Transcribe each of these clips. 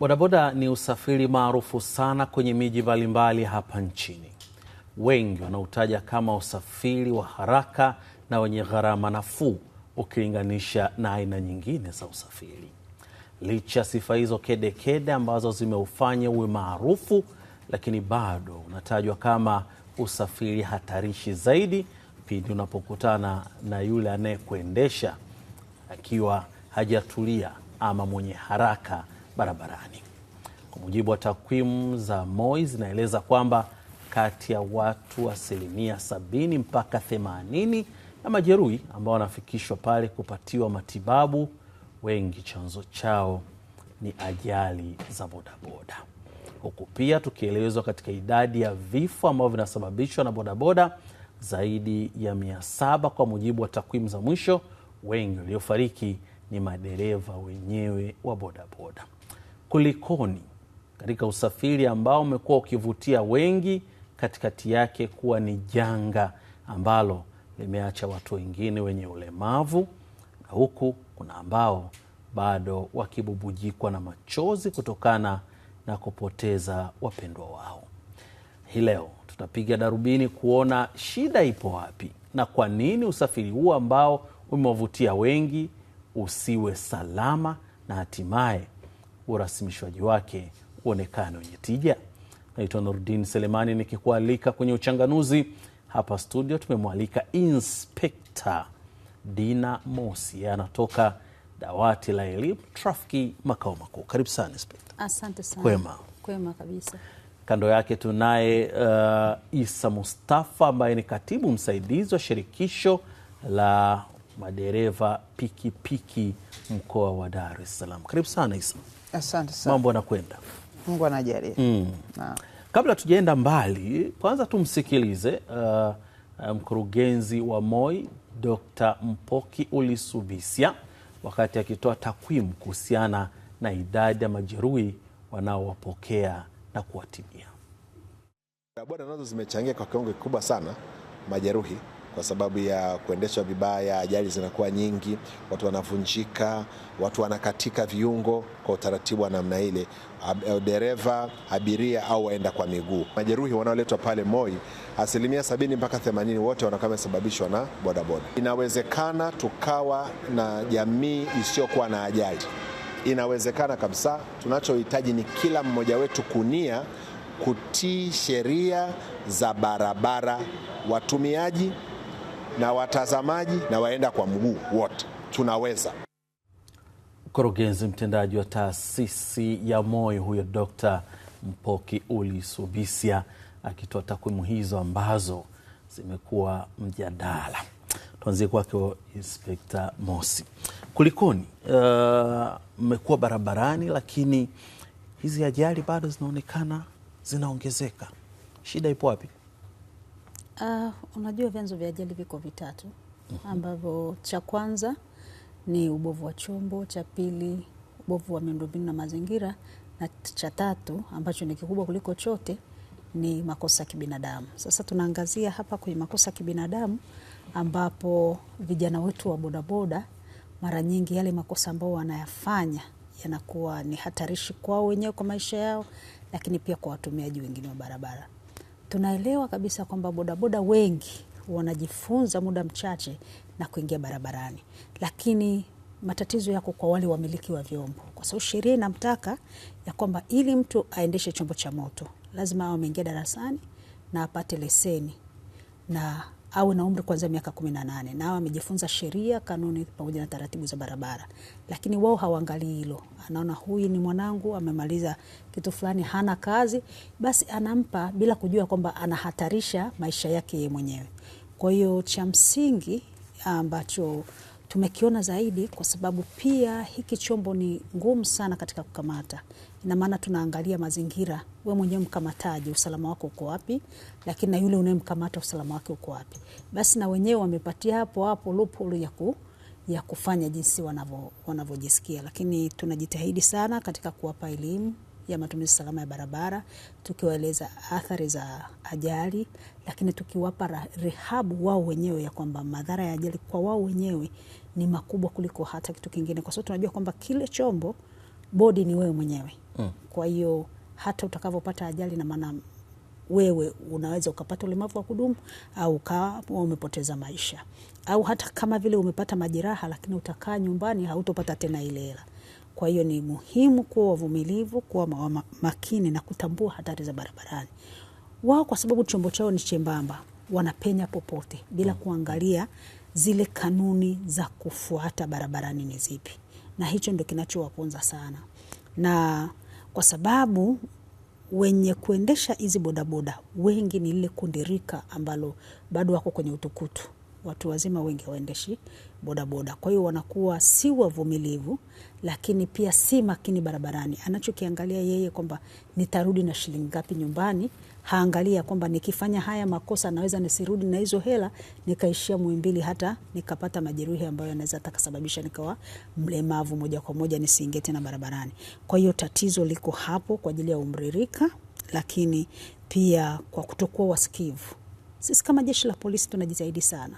Bodaboda ni usafiri maarufu sana kwenye miji mbalimbali hapa nchini, wengi wanautaja kama usafiri wa haraka na wenye gharama nafuu ukilinganisha na aina nyingine za usafiri. Licha ya sifa hizo kedekede ambazo zimeufanya uwe maarufu, lakini bado unatajwa kama usafiri hatarishi zaidi pindi unapokutana na yule anayekuendesha akiwa hajatulia ama mwenye haraka barabarani. Kwa mujibu wa takwimu za MOI zinaeleza kwamba kati ya watu asilimia sabini mpaka themanini na majeruhi ambao wanafikishwa pale kupatiwa matibabu, wengi chanzo chao ni ajali za bodaboda, huku pia tukielezwa katika idadi ya vifo ambavyo vinasababishwa na bodaboda zaidi ya mia saba kwa mujibu wa takwimu za mwisho. Wengi waliofariki ni madereva wenyewe wa bodaboda kulikoni katika usafiri ambao umekuwa ukivutia wengi, katikati yake kuwa ni janga ambalo limeacha watu wengine wenye ulemavu, na huku kuna ambao bado wakibubujikwa na machozi kutokana na kupoteza wapendwa wao. Hii leo tutapiga darubini kuona shida ipo wapi na kwa nini usafiri huu ambao umewavutia wengi usiwe salama na hatimaye urasimishwaji wake uonekane wenye tija. Naitwa Nurdin Selemani nikikualika kwenye Uchanganuzi. Hapa studio tumemwalika Inspekta Dina Mosi, anatoka dawati la elimu trafiki makao makuu. Karibu sana Inspekta. Asante sana. Kwema. Kwema kabisa. Kando yake tunaye uh, Isa Mustafa ambaye ni katibu msaidizi wa shirikisho la madereva pikipiki mkoa wa Dar es Salaam. Karibu sana Isa. Asante sana. Mambo anakwenda, Mungu anajalia. mm. Kabla tujaenda mbali, kwanza tumsikilize uh, uh mkurugenzi wa MOI Dr. Mpoki Ulisubisya wakati akitoa takwimu kuhusiana na idadi ya majeruhi wanaowapokea na kuwatimia. Boda nazo zimechangia kwa kiwango kikubwa sana majeruhi kwa sababu ya kuendeshwa vibaya, ajali zinakuwa nyingi, watu wanavunjika, watu wanakatika viungo kwa utaratibu wa namna ile, eh, dereva, abiria au waenda kwa miguu. Majeruhi wanaoletwa pale MOI asilimia sabini mpaka themanini wote wanakuwa wamesababishwa na bodaboda. Inawezekana tukawa na jamii isiyokuwa na ajali, inawezekana kabisa. Tunachohitaji ni kila mmoja wetu kunia kutii sheria za barabara, watumiaji na watazamaji na waenda kwa mguu wote, tunaweza. Mkurugenzi mtendaji wa taasisi ya moyo huyo Dr. Mpoki Uli Subisia akitoa takwimu hizo ambazo zimekuwa mjadala. Tuanzie kwako Inspekta Mosi, kulikoni? Uh, mmekuwa uh, barabarani, lakini hizi ajali bado zinaonekana zinaongezeka, shida ipo wapi? Uh, unajua vyanzo vya ajali viko vitatu mhm. ambavyo cha kwanza ni ubovu wa chombo, cha pili ubovu wa miundombinu na mazingira, na cha tatu ambacho ni kikubwa kuliko chote ni makosa ya kibinadamu. Sasa tunaangazia hapa kwenye makosa ya kibinadamu, ambapo vijana wetu wa bodaboda, mara nyingi yale makosa ambayo wanayafanya yanakuwa ni hatarishi kwao wenyewe, kwa maisha yao, lakini pia kwa watumiaji wengine wa barabara. Tunaelewa kabisa kwamba bodaboda wengi wanajifunza muda mchache na kuingia barabarani, lakini matatizo yako kwa wale wamiliki wa vyombo, kwa sababu sheria inamtaka ya kwamba ili mtu aendeshe chombo cha moto lazima awe ameingia darasani na apate leseni na awe na umri kuanzia miaka kumi na awe amejifunza sheria, kanuni pamoja na taratibu za barabara. Lakini wao hawaangalii hilo, anaona huyu ni mwanangu, amemaliza kitu fulani, hana kazi, basi anampa bila kujua kwamba anahatarisha maisha yake yeye mwenyewe. Kwa hiyo cha msingi ambacho tumekiona zaidi, kwa sababu pia hiki chombo ni ngumu sana katika kukamata Ina maana tunaangalia mazingira, we mwenyewe mkamataji, usalama wako uko wapi, lakini na yule unayemkamata usalama wake uko wapi. Basi na wenyewe wamepatia hapo hapo loophole ya ku ya kufanya jinsi wanavyojisikia, lakini tunajitahidi sana katika kuwapa elimu ya matumizi salama ya barabara, tukiwaeleza athari za ajali, lakini tukiwapa rehabu wao wenyewe ya kwamba madhara ya ajali kwa wao wenyewe ni makubwa kuliko hata kitu kingine, kwa sababu tunajua kwamba kile chombo bodi ni wewe mwenyewe mm. Kwa hiyo hata utakavyopata ajali na maana wewe unaweza ukapata ulemavu wa kudumu au ukawa umepoteza maisha au hata kama vile umepata majeraha, lakini utakaa nyumbani, hautopata tena ile hela. Kwa hiyo ni muhimu kuwa wavumilivu, kuwa makini na kutambua hatari za barabarani. Wao kwa sababu chombo chao ni chembamba, wanapenya popote bila mm. kuangalia zile kanuni za kufuata barabarani ni zipi na hicho ndio kinachowaponza sana, na kwa sababu wenye kuendesha hizi bodaboda wengi ni lile kundi rika ambalo bado wako kwenye utukutu watu wazima wengi waendeshi bodaboda, kwa hiyo wanakuwa si wavumilivu, lakini pia si makini barabarani. Anachokiangalia yeye kwamba nitarudi na shilingi ngapi nyumbani, haangalia kwamba nikifanya haya makosa naweza nisirudi na hizo hela nikaishia Muhimbili, hata nikapata majeruhi ambayo yanaweza takasababisha nikawa mlemavu moja kwa moja, nisiingie tena barabarani. Kwa hiyo tatizo liko hapo kwa ajili ya umririka, lakini pia kwa kutokuwa wasikivu. Sisi kama jeshi la polisi tunajitahidi sana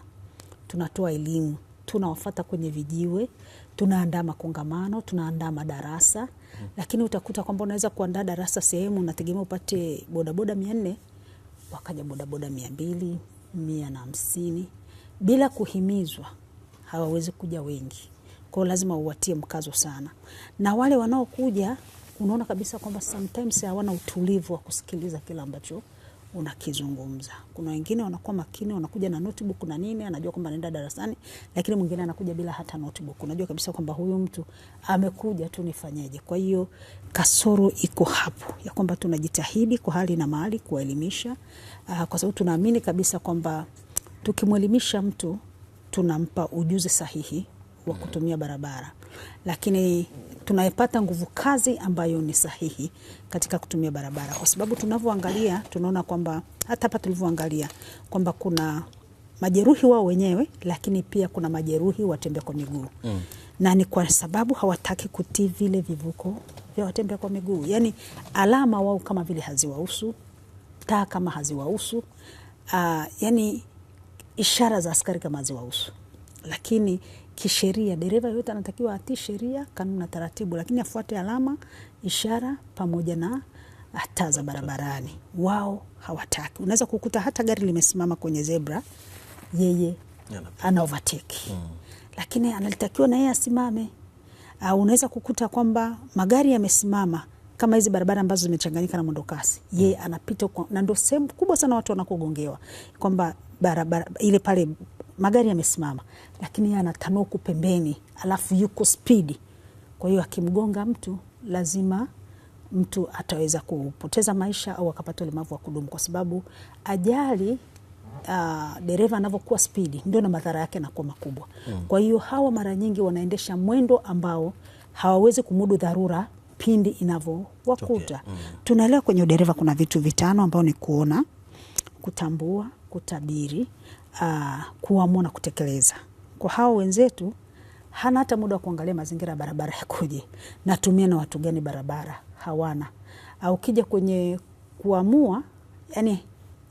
tunatoa elimu, tunawafata kwenye vijiwe, tunaandaa makongamano, tunaandaa madarasa mm. Lakini utakuta kwamba unaweza kuandaa darasa sehemu unategemea upate bodaboda mia nne wakaja bodaboda mia mbili mia na hamsini bila kuhimizwa hawawezi kuja wengi kwao, lazima uwatie mkazo sana, na wale wanaokuja unaona kabisa kwamba sometimes hawana utulivu wa kusikiliza kile ambacho unakizungumza. Kuna wengine wanakuwa makini, wanakuja na notebook na nini, anajua kwamba anaenda darasani, lakini mwingine anakuja bila hata notebook. Unajua kabisa kwamba huyu mtu amekuja tu, nifanyeje? Kwa hiyo kasoro iko hapo ya kwamba tunajitahidi kwa hali na mali kuwaelimisha, ah, kwa sababu tunaamini kabisa kwamba tukimwelimisha mtu tunampa ujuzi sahihi wa mm. kutumia barabara, lakini tunayepata nguvu kazi ambayo ni sahihi katika kutumia barabara, kwa sababu tunavyoangalia tunaona kwamba hata hapa tulivyoangalia kwamba kuna majeruhi wao wenyewe, lakini pia kuna majeruhi watembea kwa miguu mm. na ni kwa sababu hawataki kutii vile vivuko vya watembea kwa miguu, yaani alama wao kama vile haziwahusu, taa kama haziwahusu, uh, ah, yani ishara za askari kama haziwahusu, lakini kisheria. Dereva yoyote anatakiwa atii sheria, kanuni na taratibu, lakini afuate alama, ishara pamoja na taa za barabarani. Wao hawataki. Unaweza kukuta hata gari limesimama kwenye zebra, yeye ana overtake mm. lakini analitakiwa na yeye asimame. Uh, unaweza kukuta kwamba magari yamesimama kama hizi barabara ambazo zimechanganyika na mwendokasi, yeye mm. anapita, na ndo sehemu kubwa sana watu wanakogongewa kwamba barabara ile pale magari yamesimama, lakini yeye anatamua pembeni, alafu yuko spidi. Kwa hiyo akimgonga mtu lazima mtu ataweza kupoteza maisha au akapata ulemavu wa kudumu, kwa sababu ajali Uh, dereva anavyokuwa spidi ndio na madhara yake anakuwa makubwa mm. Kwa hiyo hawa mara nyingi wanaendesha mwendo ambao hawawezi kumudu dharura pindi inavyowakuta mm. Tunaelewa kwenye udereva kuna vitu vitano ambao ni kuona, kutambua, kutabiri, uh, kuamua na kutekeleza. Kwa hao wenzetu hana hata muda wa kuangalia mazingira ya barabara yakoje, natumia na watu gani barabara, hawana au kija kwenye kuamua, yani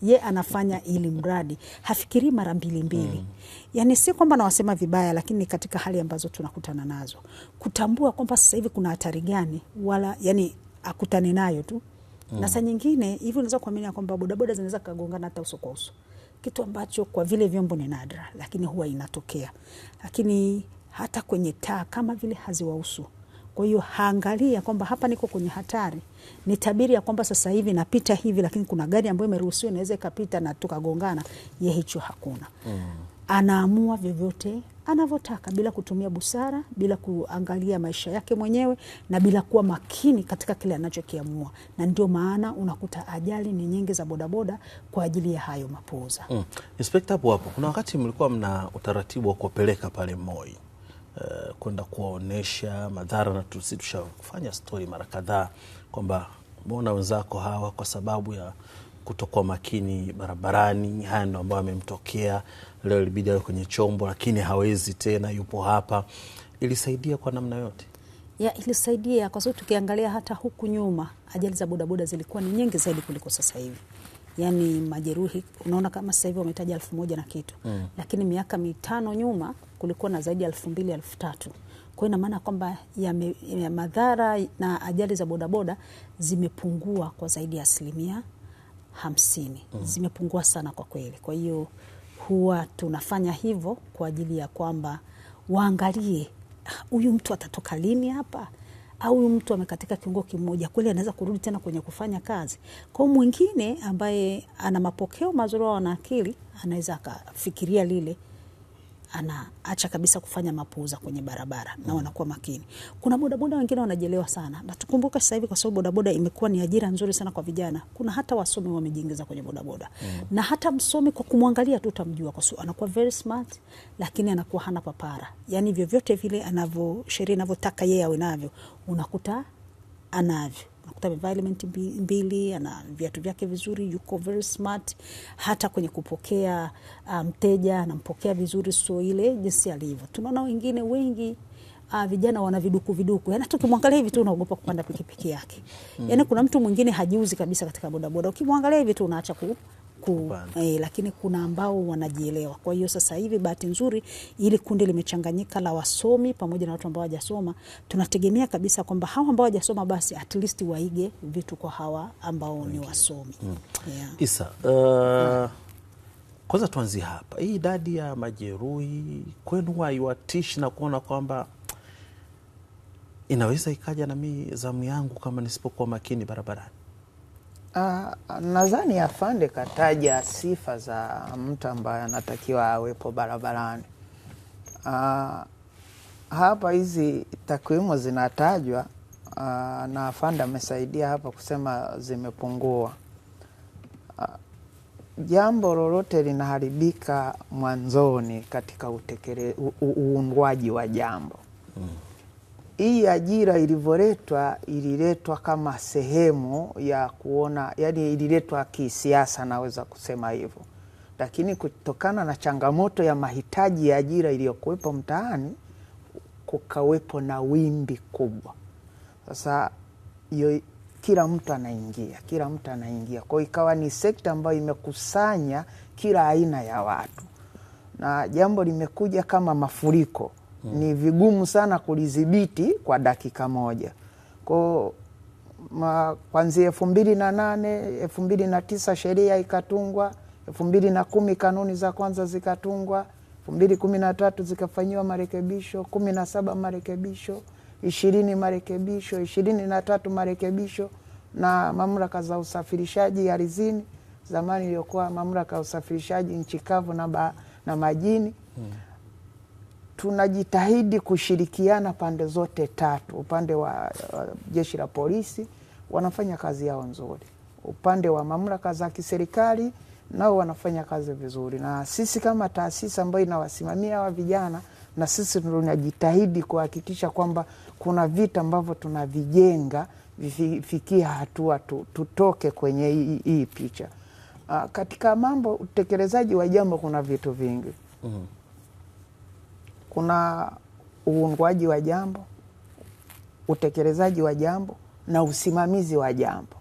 ye anafanya ili mradi hafikirii mara mbili mbili. Mm. Yani si kwamba nawasema vibaya, lakini katika hali ambazo tunakutana nazo, kutambua kwamba sasa hivi kuna hatari gani, wala yani akutane nayo tu. Mm. Na saa nyingine hivi unaweza kuamini kwamba bodaboda zinaweza kagongana hata uso kwa uso kitu ambacho kwa vile vyombo ni nadra, lakini huwa inatokea. Lakini hata kwenye taa kama vile haziwahusu. Kwa hiyo haangalia kwamba hapa niko kwenye hatari, ni tabiri ya kwamba sasa hivi napita hivi, lakini kuna gari ambayo imeruhusiwa inaweza ikapita na tukagongana. Ye, hicho hakuna mm anaamua vyovyote anavyotaka bila kutumia busara, bila kuangalia maisha yake mwenyewe na bila kuwa makini katika kile anachokiamua, na ndio maana unakuta ajali ni nyingi za bodaboda kwa ajili ya hayo mapuuza. Mm. Inspekta, hapo hapo kuna wakati mlikuwa mna utaratibu wa kuwapeleka pale MOI uh, kwenda kuwaonesha madhara, na tusi tushafanya stori mara kadhaa kwamba mbona wenzako hawa kwa sababu ya kutokuwa makini barabarani. Haya ndo ambayo amemtokea leo, ilibidi awe kwenye chombo, lakini hawezi tena, yupo hapa. Ilisaidia kwa namna yote ya ilisaidia kwa sababu tukiangalia hata huku nyuma ajali za bodaboda zilikuwa ni nyingi zaidi kuliko sasa hivi. Yani majeruhi unaona kama sasa hivi wametaja elfu moja na kitu mm. Lakini miaka mitano nyuma kulikuwa na zaidi ya elfu mbili elfu tatu kwa hiyo ina maana kwamba ya, ya madhara na ajali za bodaboda zimepungua kwa zaidi ya asilimia hamsini mm. zimepungua sana kwa kweli. Kwa hiyo huwa tunafanya hivyo kwa ajili ya kwamba waangalie huyu mtu atatoka lini hapa au huyu mtu amekatika kiungo kimoja kweli anaweza kurudi tena kwenye kufanya kazi. Kwa mwingine ambaye ana mapokeo mazuri au ana akili anaweza akafikiria lile anaacha kabisa kufanya mapuuza kwenye barabara mm. na wanakuwa makini. Kuna bodaboda wengine wanajelewa sana, na tukumbuke sasa hivi kwa sababu bodaboda imekuwa ni ajira nzuri sana kwa vijana, kuna hata wasomi wamejiingiza kwenye bodaboda mm. na hata msomi kwa kumwangalia tu utamjua kwa sababu anakuwa very smart, lakini anakuwa hana papara, yani vyovyote vile anavyo sheria inavyotaka yeye awe navyo unakuta anavyo unakuta amevaa element mbili, ana viatu vyake vizuri, yuko very smart. Hata kwenye kupokea uh, mteja um, anampokea vizuri, so ile jinsi alivyo. Tunaona wengine wengi uh, vijana wana viduku viduku, yani tukimwangalia ukimwangalia hivi tu unaogopa kupanda pikipiki yake. Yani kuna mtu mwingine hajiuzi kabisa katika bodaboda, ukimwangalia hivi tu unaacha ku ku, eh, lakini kuna ambao wanajielewa. Kwa hiyo sasa hivi bahati nzuri ili kundi limechanganyika la wasomi pamoja na watu ambao hawajasoma, tunategemea kabisa kwamba hawa ambao hawajasoma basi at least waige vitu kwa hawa ambao okay. ni wasomi mm. yeah. Isa uh, Kwanza tuanzie hapa, hii idadi ya majeruhi kwenu haiwatishi na kuona kwamba inaweza ikaja na mi zamu yangu kama nisipokuwa makini barabarani? Ah, nadhani afande kataja sifa za mtu ambaye anatakiwa awepo barabarani. Uh, hapa hizi takwimu zinatajwa uh, na afande amesaidia hapa kusema zimepungua. Uh, jambo lolote linaharibika mwanzoni katika uundwaji wa jambo mm hii ajira ilivyoletwa ililetwa kama sehemu ya kuona, yani ililetwa kisiasa, naweza kusema hivyo, lakini kutokana na changamoto ya mahitaji ya ajira iliyokuwepo mtaani kukawepo na wimbi kubwa. Sasa yo, kila mtu anaingia, kila mtu anaingia. kwao, ikawa ni sekta ambayo imekusanya kila aina ya watu, na jambo limekuja kama mafuriko Mm. ni vigumu sana kulidhibiti kwa dakika moja ko kwanzia elfu mbili na nane elfu mbili na tisa sheria ikatungwa elfu mbili na kumi kanuni za kwanza zikatungwa elfu mbili kumi na tatu zikafanyiwa marekebisho kumi na saba marekebisho ishirini marekebisho ishirini na tatu marekebisho na mamlaka za usafirishaji ardhini zamani iliyokuwa mamlaka ya usafirishaji nchi kavu na, na majini hmm tunajitahidi kushirikiana pande zote tatu. Upande wa uh, jeshi la polisi wanafanya kazi yao nzuri, upande wa mamlaka za kiserikali nao wanafanya kazi vizuri, na sisi kama taasisi ambayo inawasimamia hawa vijana, na sisi tunajitahidi kuhakikisha kwamba kuna vita ambavyo tunavijenga vifikia hatua tutoke kwenye hii picha. Uh, katika mambo utekelezaji wa jambo kuna vitu vingi mm -hmm kuna uundwaji wa jambo, utekelezaji wa jambo na usimamizi wa jambo.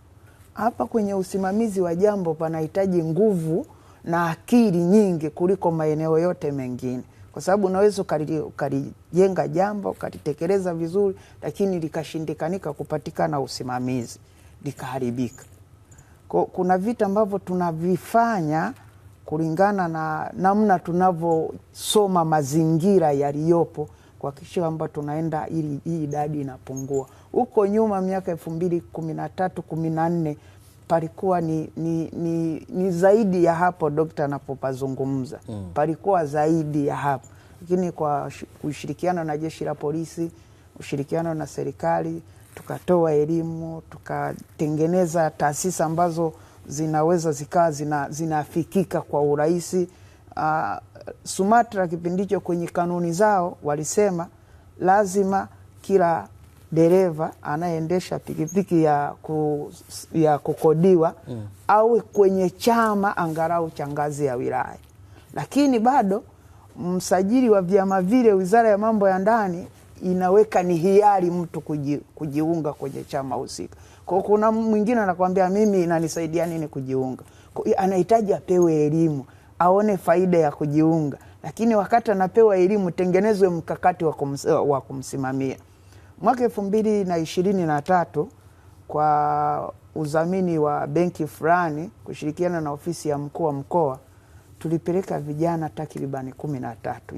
Hapa kwenye usimamizi wa jambo panahitaji nguvu na akili nyingi kuliko maeneo yote mengine, kwa sababu unaweza ukalijenga jambo ukalitekeleza vizuri, lakini likashindikanika kupatikana usimamizi, likaharibika. Kuna vitu ambavyo tunavifanya kulingana na namna tunavyosoma mazingira yaliyopo kuhakikisha kwamba tunaenda ili hii idadi inapungua. Huko nyuma miaka elfu mbili kumi na tatu kumi na nne palikuwa ni, ni, ni, ni zaidi ya hapo dokta anapopazungumza mm. palikuwa zaidi ya hapo, lakini kwa ushirikiano na jeshi la polisi, ushirikiano na serikali, tukatoa elimu, tukatengeneza taasisi ambazo zinaweza zikaa zina, zinafikika kwa urahisi. Uh, Sumatra kipindi hicho kwenye kanuni zao walisema lazima kila dereva anayeendesha pikipiki ya, ku, ya kukodiwa mm. au kwenye chama angalau cha ngazi ya wilaya, lakini bado msajili wa vyama vile, Wizara ya Mambo ya Ndani inaweka ni hiari mtu kuji, kujiunga kwenye chama husika. Kwa kuna mwingine anakwambia mimi inanisaidia nini kujiunga? anahitaji apewe elimu, aone faida ya kujiunga. Lakini wakati anapewa elimu, tengenezwe mkakati wa, kums, wa kumsimamia. Mwaka elfu mbili na ishirini na tatu kwa udhamini wa benki fulani kushirikiana na ofisi ya mkuu wa mkoa tulipeleka vijana takribani kumi na tatu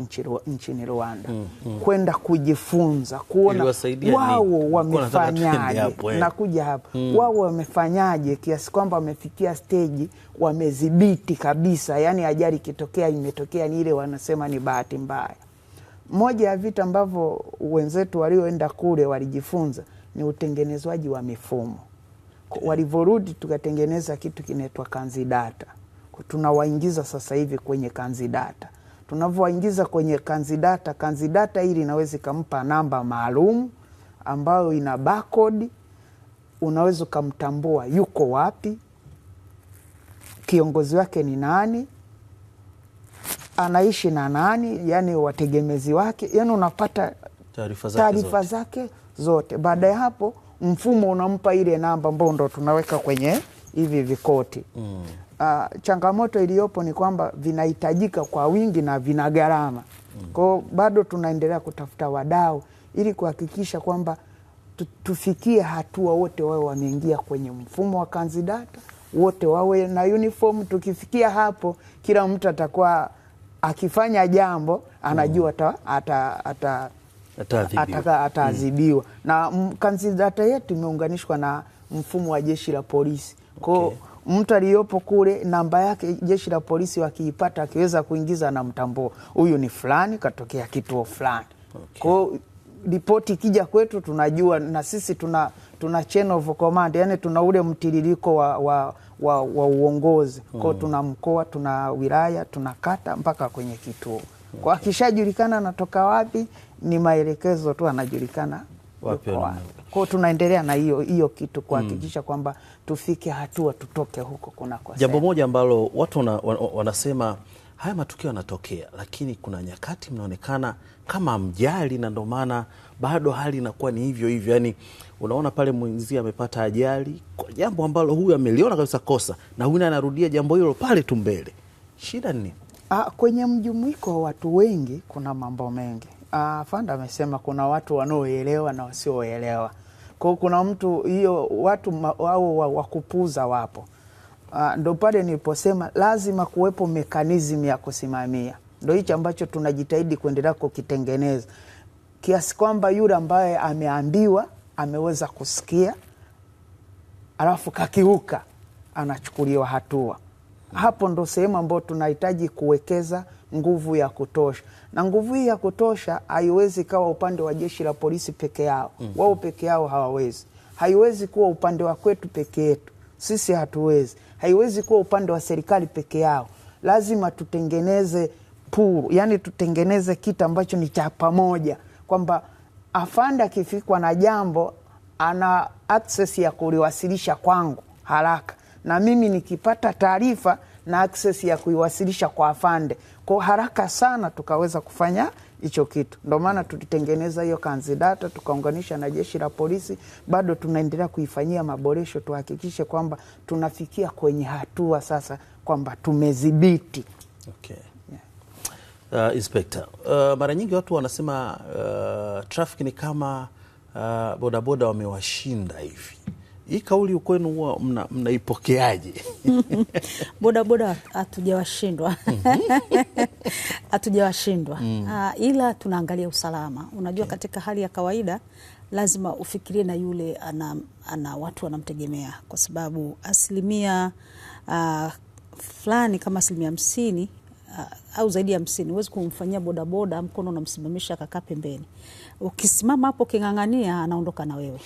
nchini Rwanda mm, mm. kwenda kujifunza kuona wao wamefanyaje eh. na kuja hapa mm. wao wamefanyaje kiasi kwamba wamefikia steji wamedhibiti kabisa, yani ajali ikitokea imetokea ni ile wanasema ni bahati mbaya. Moja ya vitu ambavyo wenzetu walioenda kule walijifunza ni utengenezwaji wa mifumo. Walivyorudi tukatengeneza kitu kinaitwa kanzidata tunawaingiza sasa hivi kwenye kanzidata. Tunavyowaingiza kwenye kanzidata, kanzidata hili inaweza ikampa namba maalum ambayo ina barcode, unaweza ukamtambua yuko wapi, kiongozi wake ni nani, anaishi na nani, yani wategemezi wake, yani unapata taarifa zake zote, zake zote. Baada ya hapo mfumo unampa ile namba ambayo ndo tunaweka kwenye hivi vikoti mm uh, changamoto iliyopo ni kwamba vinahitajika kwa wingi na vina gharama mm. Kwao bado tunaendelea kutafuta wadau ili kuhakikisha kwamba tufikie hatua wote wawe wameingia kwenye mfumo wa kanzidata, wote wawe na uniform. Tukifikia hapo, kila mtu atakuwa akifanya jambo anajua mm. ata mm. Na kanzidata yetu imeunganishwa na mfumo wa jeshi la polisi kwao, okay mtu aliyopo kule, namba yake jeshi la polisi wakiipata, akiweza kuingiza na mtambua huyu ni fulani, katokea kituo fulani. Okay. Kwao ripoti ikija kwetu tunajua na sisi tuna, tuna chain of command, yani tuna ule mtiririko wa, wa, wa, wa uongozi kwao. Hmm. Tuna mkoa, tuna wilaya, tuna kata mpaka kwenye kituo. Okay. Kwa akishajulikana anatoka wapi, ni maelekezo tu, anajulikana kwao tunaendelea na hiyo hiyo kitu kuhakikisha mm. kwamba tufike hatua tutoke huko kunako. Jambo moja ambalo watu wana, wanasema haya matukio yanatokea, lakini kuna nyakati mnaonekana kama mjali, na ndio maana bado hali inakuwa ni hivyo hivyo. Yani unaona pale mwenzi amepata ajali kwa jambo ambalo huyu ameliona kabisa kosa, na huyu anarudia jambo hilo pale tu mbele. Shida ni nini? Ah, kwenye mjumuiko wa watu wengi kuna mambo mengi Uh, Fanda amesema kuna watu wanaoelewa na wasioelewa. Kwa kuna mtu hiyo watu wao wakupuza wapo. Uh, ndo pale niliposema lazima kuwepo mekanizmu ya kusimamia. Ndo hicho ambacho tunajitahidi kuendelea kukitengeneza kiasi kwamba yule ambaye ameambiwa ameweza kusikia alafu kakiuka anachukuliwa hatua. Hapo ndo sehemu ambayo tunahitaji kuwekeza nguvu ya kutosha, na nguvu hii ya kutosha haiwezi kawa upande wa jeshi la polisi peke yao. mm -hmm. Wao peke yao hawawezi, haiwezi kuwa upande wa kwetu peke yetu sisi hatuwezi, haiwezi kuwa upande wa serikali peke yao. Lazima tutengeneze puru, yani tutengeneze kitu ambacho ni cha pamoja, kwamba afande akifikwa na jambo ana access ya kuliwasilisha kwangu haraka, na mimi nikipata taarifa na access ya kuiwasilisha kwa afande kwa haraka sana, tukaweza kufanya hicho kitu. Ndio maana tulitengeneza hiyo kanzidata tukaunganisha na jeshi la polisi. Bado tunaendelea kuifanyia maboresho, tuhakikishe kwamba tunafikia kwenye hatua sasa kwamba tumedhibiti. Okay. Yeah. Uh, inspekta, uh, mara nyingi watu wanasema uh, traffic ni kama uh, bodaboda wamewashinda hivi hii kauli ukwenu huwa mnaipokeaje? Mna bodaboda hatujawashindwa mm-hmm. hatujawashindwa mm. Uh, ila tunaangalia usalama, unajua okay. Mm. Katika hali ya kawaida lazima ufikirie na yule ana, ana watu wanamtegemea kwa sababu asilimia uh, fulani kama asilimia hamsini Uh, au zaidi ya hamsini huwezi kumfanyia bodaboda, mkono unamsimamisha akakaa pembeni. Ukisimama hapo uking'ang'ania, anaondoka na wewe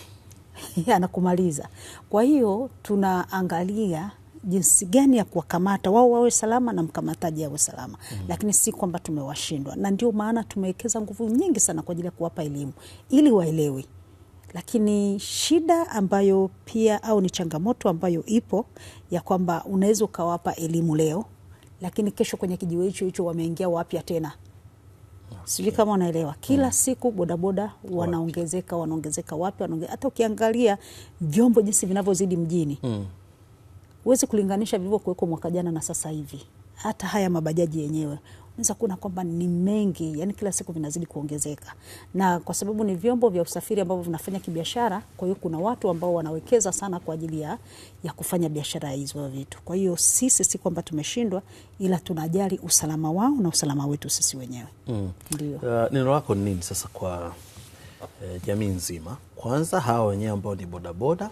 anakumaliza. Kwa hiyo tunaangalia jinsi gani ya kuwakamata wao wawe salama na mkamataji awe salama mm. Lakini si kwamba tumewashindwa, na ndio maana tumewekeza nguvu nyingi sana kwa ajili ya kuwapa elimu ili waelewe. Lakini shida ambayo pia au ni changamoto ambayo ipo ya kwamba unaweza ukawapa elimu leo, lakini kesho kwenye kijiwe hicho hicho wameingia wapya tena. Ah, Sijui kama unaelewa, ah. kila siku bodaboda wanaongezeka, wanaongezeka wapi, wanaonge... Hata ukiangalia vyombo jinsi vinavyozidi mjini hmm. huwezi kulinganisha vilivyokuweko mwaka jana na sasa hivi, hata haya mabajaji yenyewe unaweza kuona kwamba ni mengi, yani kila siku vinazidi kuongezeka, na kwa sababu ni vyombo vya usafiri ambavyo vinafanya kibiashara, kwa hiyo kuna watu ambao wanawekeza sana kwa ajili ya, ya kufanya biashara hizo vitu. Kwa hiyo sisi si kwamba tumeshindwa, ila tunajali usalama wao na usalama wetu sisi wenyewe mm. Ndio. Uh, neno lako ni nini sasa kwa eh, jamii nzima, kwanza hawa wenyewe ambao ni bodaboda,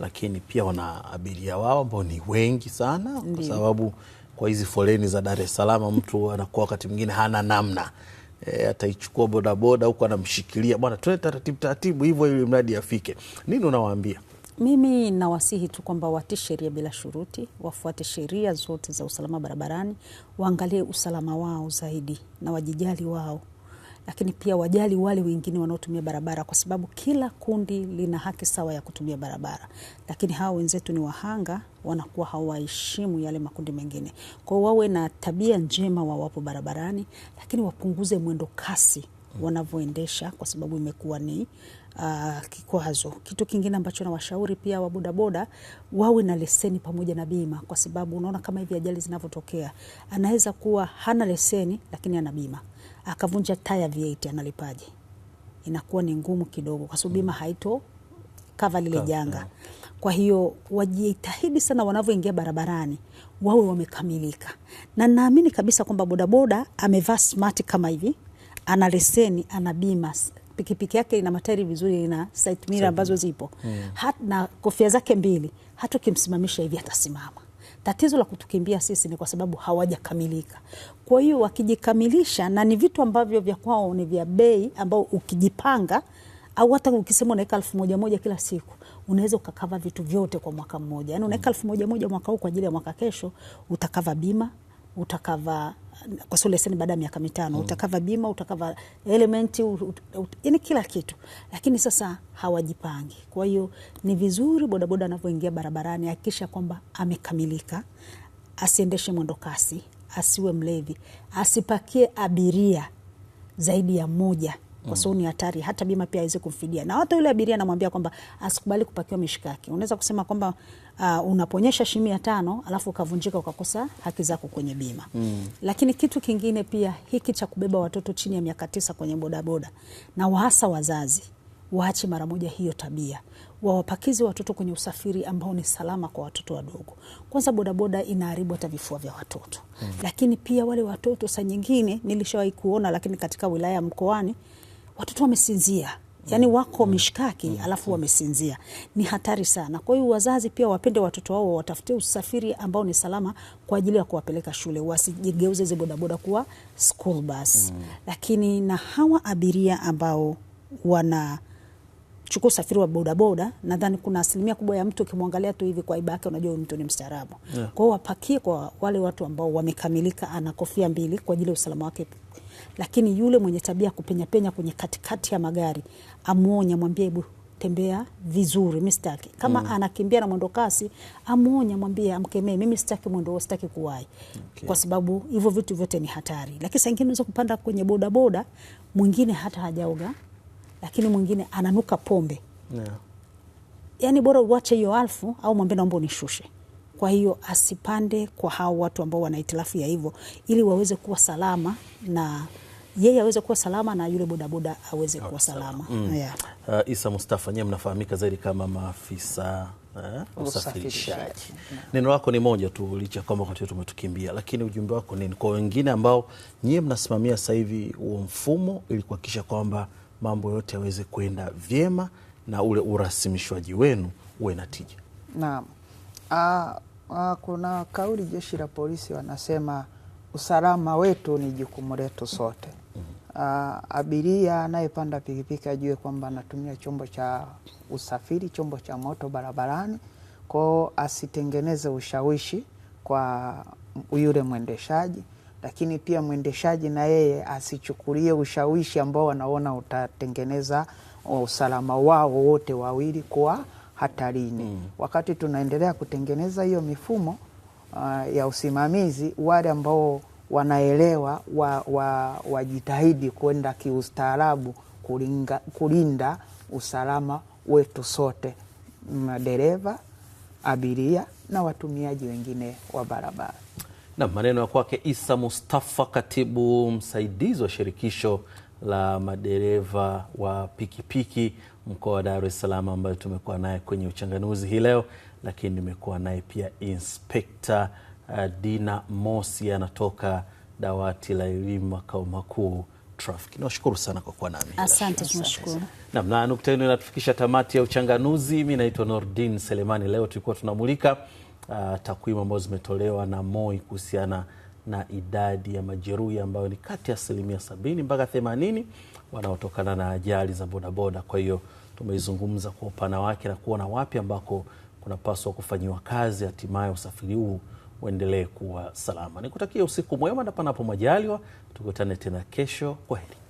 lakini pia wana abiria wao ambao ni wengi sana kwa sababu kwa hizi foleni za Dar es Salaam, mtu anakuwa wakati mwingine hana namna e, ataichukua bodaboda huku anamshikilia bwana, twende taratibu taratibu hivyo ili mradi afike. Nini unawaambia? Mimi nawasihi tu kwamba watii sheria bila shuruti, wafuate sheria zote za usalama barabarani, waangalie usalama wao zaidi na wajijali wao lakini pia wajali wale wengine wanaotumia barabara, kwa sababu kila kundi lina haki sawa ya kutumia barabara, lakini hawa wenzetu ni wahanga, wanakuwa hawaheshimu yale makundi mengine. kwao wawe na tabia njema wawapo barabarani, lakini wapunguze mwendo kasi wanavyoendesha kwa sababu imekuwa ni uh, kikwazo. Kitu kingine ambacho nawashauri pia wabodaboda wawe na leseni pamoja na bima, kwa sababu unaona kama hivi ajali zinavyotokea, anaweza kuwa hana leseni lakini ana bima akavunja taya V8 analipaje? Inakuwa ni ngumu kidogo, kwa sababu mm. bima haito kava lile janga. Kwa hiyo wajitahidi sana wanavyoingia barabarani wawe wamekamilika, na naamini kabisa kwamba bodaboda amevaa smart kama hivi, ana leseni, ana bima pikipiki yake ina matairi vizuri, ina side mirror ambazo zipo hmm. Hat, na kofia zake mbili, hata ukimsimamisha hivi atasimama. Tatizo la kutukimbia sisi ni kwa sababu hawajakamilika. Kwa hiyo wakijikamilisha, na ni vitu ambavyo vya kwao ni vya bei, ambao ukijipanga au hata ukisema unaweka elfu moja moja kila siku unaweza ukakava vitu vyote kwa mwaka mmoja. Yani unaweka elfu moja moja mwaka huu kwa ajili ya mwaka kesho, utakava bima, utakava kwa leseni baada ya miaka mitano mm. utakava bima utakava elementi ut, ut, ut, kila kitu, lakini sasa hawajipangi. Kwa hiyo ni vizuri bodaboda anavyoingia barabarani hakikisha kwamba amekamilika, asiendeshe mwendo kasi, asiwe mlevi, asipakie abiria zaidi ya moja kwa mm. sababu ni hatari, hata bima pia haiwezi kumfidia. Na hata yule abiria anamwambia kwamba asikubali kupakiwa mishikaki. Unaweza kusema kwamba uh, unaponyesha shimi ya tano alafu ukavunjika ukakosa haki zako kwenye bima mm. Lakini kitu kingine pia hiki cha kubeba watoto chini ya miaka tisa kwenye bodaboda, na hasa wazazi waache mara moja hiyo tabia, wawapakize watoto kwenye usafiri ambao ni salama kwa watoto wadogo. Kwanza bodaboda inaharibu hata vifua vya watoto mm. Lakini pia wale watoto saa nyingine nilishawahi kuona, lakini katika wilaya ya Mkoani watoto wamesinzia yaani wako mm. mishkaki mm. alafu mm. wamesinzia, ni hatari sana. Kwa hiyo wazazi pia wapende watoto wao, watafute usafiri ambao ni salama kwa ajili ya kuwapeleka shule, wasijigeuze hizi bodaboda kuwa school bus. Mm. Lakini na hawa abiria ambao wana chukua usafiri wa bodaboda, nadhani kuna asilimia kubwa ya mtu ukimwangalia tu hivi kwa iba yake unajua huyu mtu ni mstaarabu. Yeah. Kwa hiyo wapakie kwa wale watu ambao wamekamilika, ana kofia mbili kwa ajili ya usalama wake lakini yule mwenye tabia ya kupenyapenya kwenye katikati ya magari amwonye, mwambie hebu tembea vizuri, mi sitaki. Kama mm. anakimbia na mwendo kasi, amwonye, mwambie, amkemee, mimi sitaki mwendo, sitaki kuwai okay. kwa sababu hivyo vitu vyote ni hatari. Lakini saa ingine unaweza kupanda kwenye bodaboda, mwingine hata hajaoga, lakini mwingine ananuka pombe yeah. Yani bora uache hiyo alfu au mwambie naomba unishushe. Kwa hiyo asipande kwa hao watu ambao wana itilafu ya hivyo, ili waweze kuwa salama na yeye aweze kuwa salama na yule bodaboda aweze kuwa salama. Mm. Yeah. Uh, Isa Mustafa, nyewe mnafahamika zaidi kama maafisa uh, usafirishaji. Neno lako ni moja tu, licha kwamba wakati wetu umetukimbia, lakini ujumbe wako nini kwa wengine ambao nyie mnasimamia sasa hivi huo mfumo ili kuhakikisha kwamba mambo yote yaweze kwenda vyema na ule urasimishwaji wenu uwe na tija? Naam. Uh, Uh, kuna kauli jeshi la polisi wanasema usalama wetu ni jukumu letu sote. Uh, abiria anayepanda pikipiki ajue kwamba anatumia chombo cha usafiri, chombo cha moto barabarani, kwao asitengeneze ushawishi kwa yule mwendeshaji, lakini pia mwendeshaji na yeye asichukulie ushawishi ambao wanaona utatengeneza usalama wao wote wawili kuwa hatarini. Mm. Wakati tunaendelea kutengeneza hiyo mifumo uh, ya usimamizi, wale ambao wanaelewa wajitahidi wa, wa kwenda kiustaarabu kulinda usalama wetu sote, madereva, abiria na watumiaji wengine wa barabara. Na maneno ya kwake Isa Mustafa, katibu msaidizi wa shirikisho la madereva wa pikipiki mkoa wa Dar es Salaam ambayo tumekuwa naye kwenye uchanganuzi hii leo, lakini nimekuwa naye pia Inspekta uh, Dina Mosi anatoka dawati la elimu makao makuu trafiki. Nawashukuru sana kwa kuwa nami. Asante, tunashukuru. Naam, na nukta hino inatufikisha tamati ya uchanganuzi. mi naitwa Nordin Selemani. Leo tulikuwa tunamulika uh, takwimu ambazo zimetolewa na MOI kuhusiana na idadi ya majeruhi ambayo ni kati ya asilimia sabini mpaka themanini wanaotokana na ajali za bodaboda. Kwa hiyo tumeizungumza kwa upana wake na kuona wapi ambako kunapaswa kufanyiwa kazi, hatimaye usafiri huu uendelee kuwa salama. Nikutakia usiku mwema na panapo majaliwa tukutane tena kesho. kwa heli